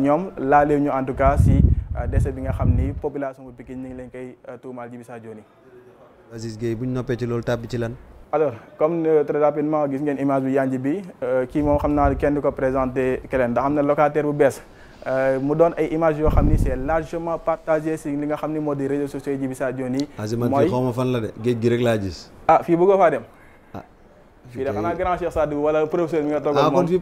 ñoom laalee ñu en tout cas si euh, décès bi nga xam ni population bu Pikine ñu leen koy euh, tuumaal Djibi Sadio Dione. Aziz Gueye bu ñu noppee ci loolu tàbbi ci lan. alors comme euh, très rapidement gis ngeen image bi yanj bi kii moom xam naa kenn du ko présenté keneen ndax am na locataire bu bees mu doon ay images yoo xam ni c'est largement partagé si li nga xam ni moo di réseaux sociaux yi Djibi Sadio Dione. mooy xaw ma fan la de géej gi rek laa gis. ah fii bëggoo faa dem. fii de xanaa grand Cheikh Sadio wala professeur mi nga toogal ah, moom ah kon fii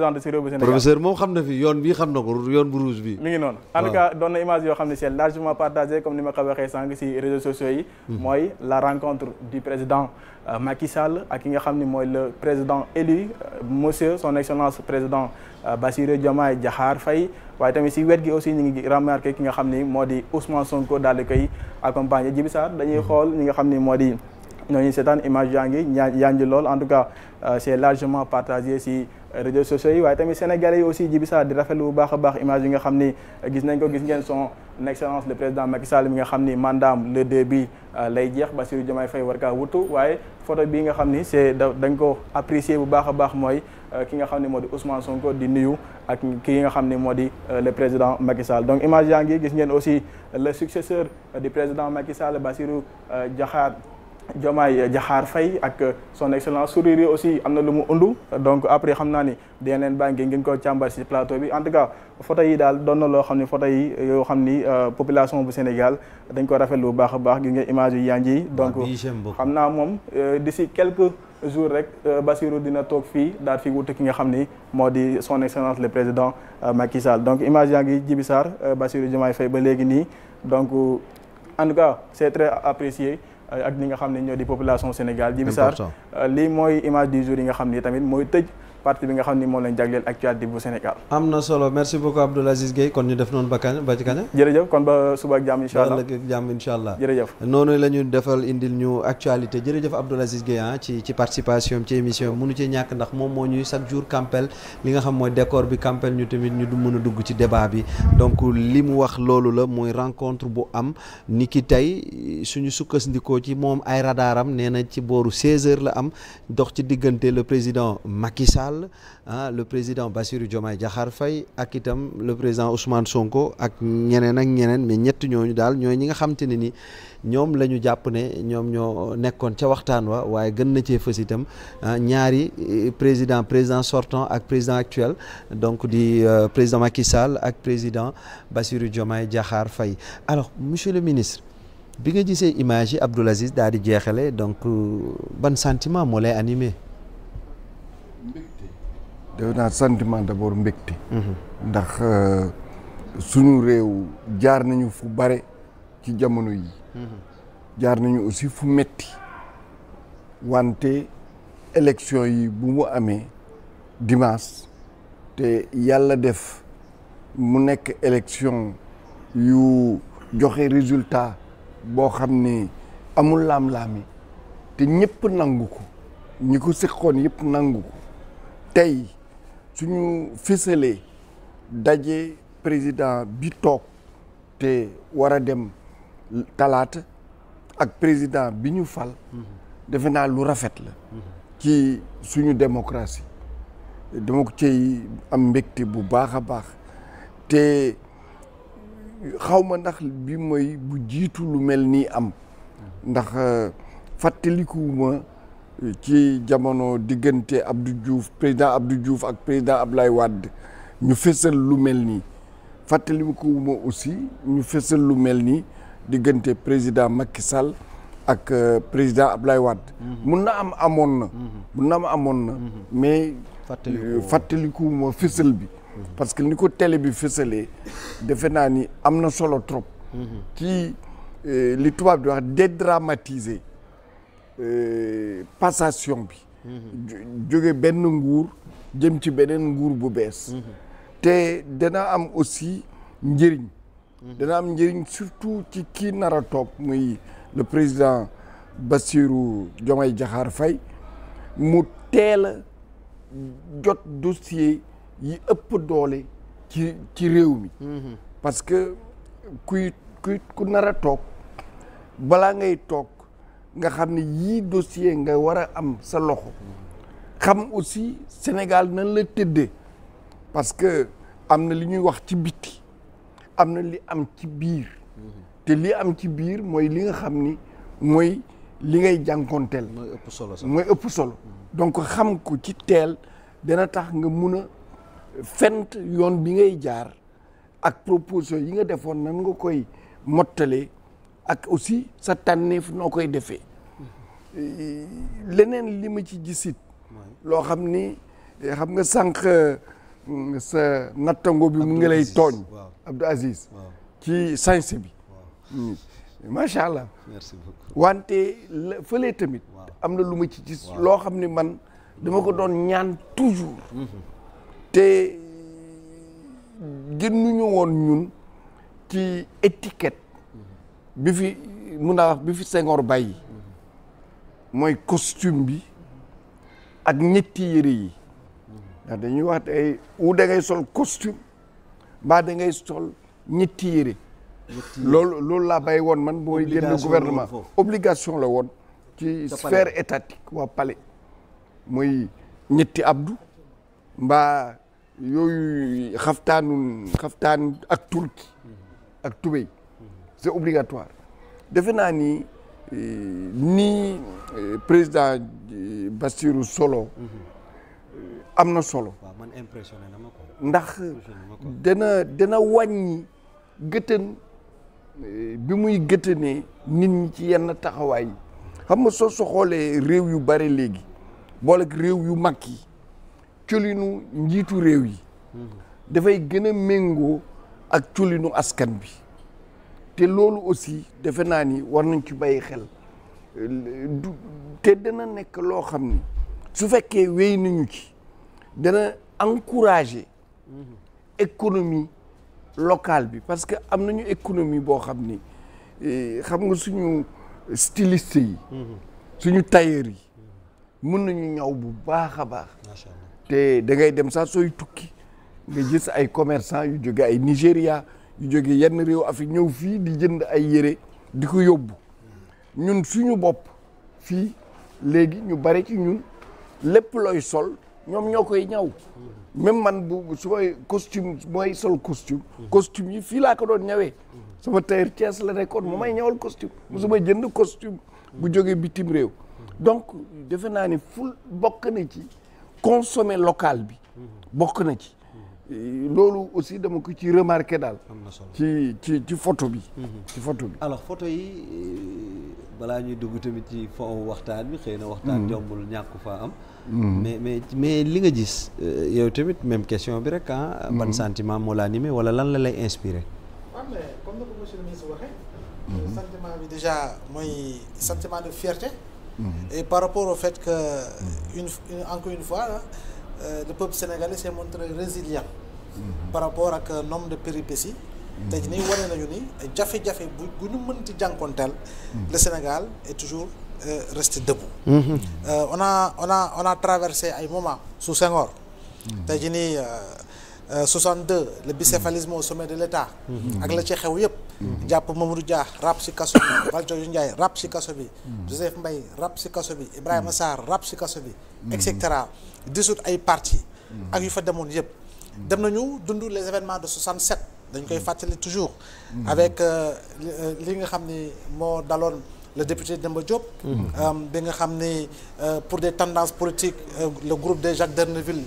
ah, ah, xam yoon bi xam na ko yoon bu rouge bi mi ngi noonu en tout doon na image yoo xam ne c'est largement partagé comme ni ma ko waxee sànq si réseaux sociaux yi hmm. mooy la rencontre du président euh, Macky Sall ak ki nga xam ne mooy le président élu euh, monsieur son excellence président euh, Bassirou Diomaye Diakhar Faye waaye tamit si wet gi aussi ñu ngi remarqué ki nga xam ni moo di Ousmane Sonko daal di koy accompagné Djibi Sarr dañuy hmm. xool ñi nga xam ni moo di ñooñu seetaan image yaa ngi yaa ngi lool en tout cas euh, c' est largement partagé si réseaux sociaux yi waaye tamit sénégalais yi aussi jibi sa di rafetlu bu baax a baax image yi nga xam ni euh, gis nañ ko gis ngeen son excellence le président Macky Sall mi nga xam ni mandaam le deux bi lay jeex Bassirou Diomaye Faye war kaa wutu waaye photo bi nga xam ni c' est ko apprécier bu baax a baax mooy euh, ki nga xam ne moo di Ousmane Sonko di nuyu ak ki nga xam ni moo di le président Macky Sall donc image yaa ngi gis ngeen aussi le successeur du président Macky Sall Bassirou Diakhar Diomaye Diakhar fay ak son excellence sourire aussi am na lu mu undu donc après xam naa ni dina leen bànqee ngeen ko càmbar ci plateau bi en tout cas photo yi daal doon na loo xam ne photo yi yoo xam ni euh, population bu Sénégal dañ ko rafetlu lu baax a baax gi nga image yu yaa ngi donc ah, xam naa moom euh, d'ici quelques jour rek euh, bassiro dina toog fii daal fi wuute ki nga xam ni moo di son excellence le président Macky Sall donc image yaa ngi Djibi Sarr Bassirou Diomaye Faye ba léegi nii donc en tout cas c'est ak ñi nga xam ne ñoo di population Sénégal Djibi Sarr euh, lii mooy image du jour yi nga xam ne tamit mooy tëj partie bi nga xam ni moom lañ jagleel actualité bu Sénégal. am na solo merci beaucoup Abdoul Aziz Guèye kon ñu def noonu ba kañ ba ci kañ. jërëjëf kon ba suba ak jàmm incha allah ak jàmm incha allah. noonu la ñu defal indil ñu actualité jërëjëf Abdoul Aziz Guèye ah, ci ci participation ci émission munu mënu ci ñàkk ndax moom moo ñuy chaque jour campel li nga xam mooy décor bi campel ñu tamit ñu du mën a dugg ci débat bi donc li mu wax loolu la mooy rencontre bu am ni ki tey suñu sukkandikoo ci moom ay radaaram nee na ci booru 16 heures la am dox ci diggante le président Macky Sall ah le président Bassirou Diomaye jaxaar fay ak itam le président Ousmane Sonko ak ñeneen ak ñeneen mais ñett ñooñu daal ñooy ñi nga xam ne ni ñoom la ñu jàpp ne ñoom ñoo nekkoon ca waxtaan wa waaye gën na cee fës itam ah, ñaari eh, président président sortant ak président actuel donc di euh, président Macky Sall ak président Bassirou Diomaye Diakhar fay alors monsieur le ministre bi nga gisee image yi Abdoul Aziz daal di jeexale donc euh, ban sentiment moo lay animé defe naa sentiment d'abord mbégte mhm. ndax euh, suñu réew jaar nañu fu bare ci jamono yi mhm. jaar nañu aussi fu metti wante élection yi bu mu amee dimaas te yàlla def mu nekk élection yu joxe résultat boo xam ni amul laam-laami te ñëpp nangu ko ñi ko seqoon yëpp nangu ko tey suñu fësalee daje président bi toog te war a dem talaata ak président bi ñu fal defe naa lu rafet la ci suñu démocratie dama ko ciy am mbégte bu baax a baax te xawma ndax bi mooy bu jiitu lu mel nii am ndax euh, fàttalikuwuma ci jamono diggante Abdou Diouf président Abdou Diouf ak président Ablaye Wade ñu fësal lu mel nii fàttaliku ma aussi ñu fësal lu mel nii diggante président Macky ak euh, président Ablaye Wade. Mhm. mun na am amoon na. Mhm. mun na am amoon na. Mhm. mais fàttaliku euh, ma fësal bi. parce que ni ko tele bi fësalee defe naa ni am na solo trop. ci euh, li tubaab di wax dédramatiser. Euh, passation bi jóge benn nguur jëm ci beneen nguur bu bees te dana am aussi njëriñ dana am njëriñ surtout ci kii nar a toog muy le président Bassirou Diomaye Diakhar Faye mu teel a jot dossier yi ëpp doole ci ci réew mi mhm. parce que kuy kuy ku nar a toog balaa ngay toog nga xam ni yii dossier nga war a am sa loxo xam aussi Sénégal nañ la tëdde parce que am na li ñuy wax ci biti am na li am ci biir te li am ci biir mooy li nga xam ni mooy li ngay jànkonteel mooy ëpp solo mooy ëpp solo donc xam ko ci teel dana tax nga mun a fent yoon bi ngay jaar ak proposition yi nga defoon nan nga koy mottalee ak aussi sa tànneef noo koy defee leneen li ma ci gisit loo xam ni xam nga sànq sa nattangoo bi mu ngi lay tooñ Abdou Aziz ci science bi mm. macha allah merci wante fële tamit am na lu ma ci gis loo xam ni man dama ko doon ñaan toujours mm-hmm. te gënuñu woon ñun ci étiquette bi fi mun naa wax bi fi sengoor bàyyi mooy costume bi ak ñetti yëre yi dañuy wax ay ou da sol costume mbaa da sol ñetti yére loolu loolu laa bay woon man mooy génn gouvernement obligation la woon ci sphère étatique waa palais mooy ñetti abdou mbaa yooyu xaftaanu xaftaan ak turki ak tubéy c'est obligatoire defe naa ni eh, nii eh, président eh, Bassirou Solo am na solo. waaw man ndax dana dana wàññi gëtën bi muy gëtënee nit ñi ci yenn taxawaay yi xam nga soo soxoolee réew yu bare léegi boole ak réew yu mag yi colinu njiitu réew yi. Hmm. dafay gën a méngoo ak colinu askan bi. te loolu aussi defe naa ni war nañ ci bàyyi xel du te dana nekk loo xam ni su fekkee wéy nañu ci dana encourager économie locale bi parce que am nañu économie boo xam ni eh, xam nga suñu styliste yi suñu tailleur yi mën nañu ñaw bu baax a baax te da ngay dem sax sooy tukki nga gis ay commerçant yu jóge ay Nigéria yu jóge yenn réew Afrique ñëw fii di jënd ay yére di ko yóbbu ñun suñu bopp fii léegi ñu bari ci ñun lépp looy sol ñoom ñoo koy ñaw même man bu su may costume mooy sol costume costume yi fii laa ko doon ñawee suma tailleur Thiès la nekkoon moom ay ñawal costume suma jënd costume bu jógee bitim réew donc defe naa ni ful bokk na ci consommer local bi bokk na ci loolu aussi dama ko ci remarqué daal. am na solo ci ci photo bi. Mhm. ci photo yi euh, balaa ñuy dugg tamit ci fond waxtaan bi xëy na waxtaan mhm. jombul ñàkk faa am. Mhm. mais mais mais li nga gis. Euh, yow tamit même question bi rek ah. ban sentiment moo la animé wala lan la lay inspiré. waaw euh, mooy sentiment de fierté. et par rapport au fait que une une une fois. Euh, le peuple sénégalais s'est montré résilient. Mhm. par rapport ak euh, nombre de péripéties. Mhm. te nii wane nañu ni jafe-jafe bu bu ñu mënti jànkonteel. Mhm. le Sénégal est toujours euh, resté debout. on a on ay moments sous Senghor. tey jii nii. 62 euh, le bicéphalisme au sommet de l'État mhm. ak la ci xew yëpp mhm. jàpp Mamadou Dia rap si kaso bi Valdiodio Ndiaye rap si kaso bi mhm. Joseph Mbaye rap si kaso bi Ibrahima Sarr rap si kaso bi et cetera dissout ay parti ak yu fa demoon yëpp dem nañu dundu les événements de 67 dañ koy fàttali toujours avec euh, euh, li nga xam ni moo daloon le député Demba Diop. bi nga xam ni pour des tendances politiques le groupe des Jacques Derneville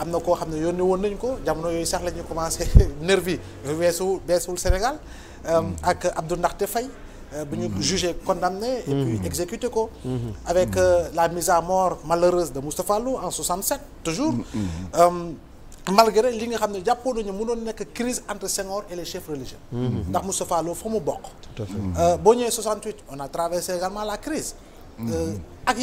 am na koo xam ne yónni woon nañ ko jamono yooyu sax la ñuy commencé nervi yi weesuwul weesuwul Sénégal euh, mm-hmm. ak Abdou Ndaxte Faye euh, bu ñu mm-hmm. jugé condamné. et puis mm-hmm. exécuté ko. avec euh, la mise à mort malheureuse de Moustapha Lô en 67 toujours. malgré li nga xam ne jàppoon nañu mënoon nekk crise entre Senghor et les chefs religieux. ndax Moustapha Lô fa mu bokk. tout à fait boo ñëwee 68 on a traversé également la crise ak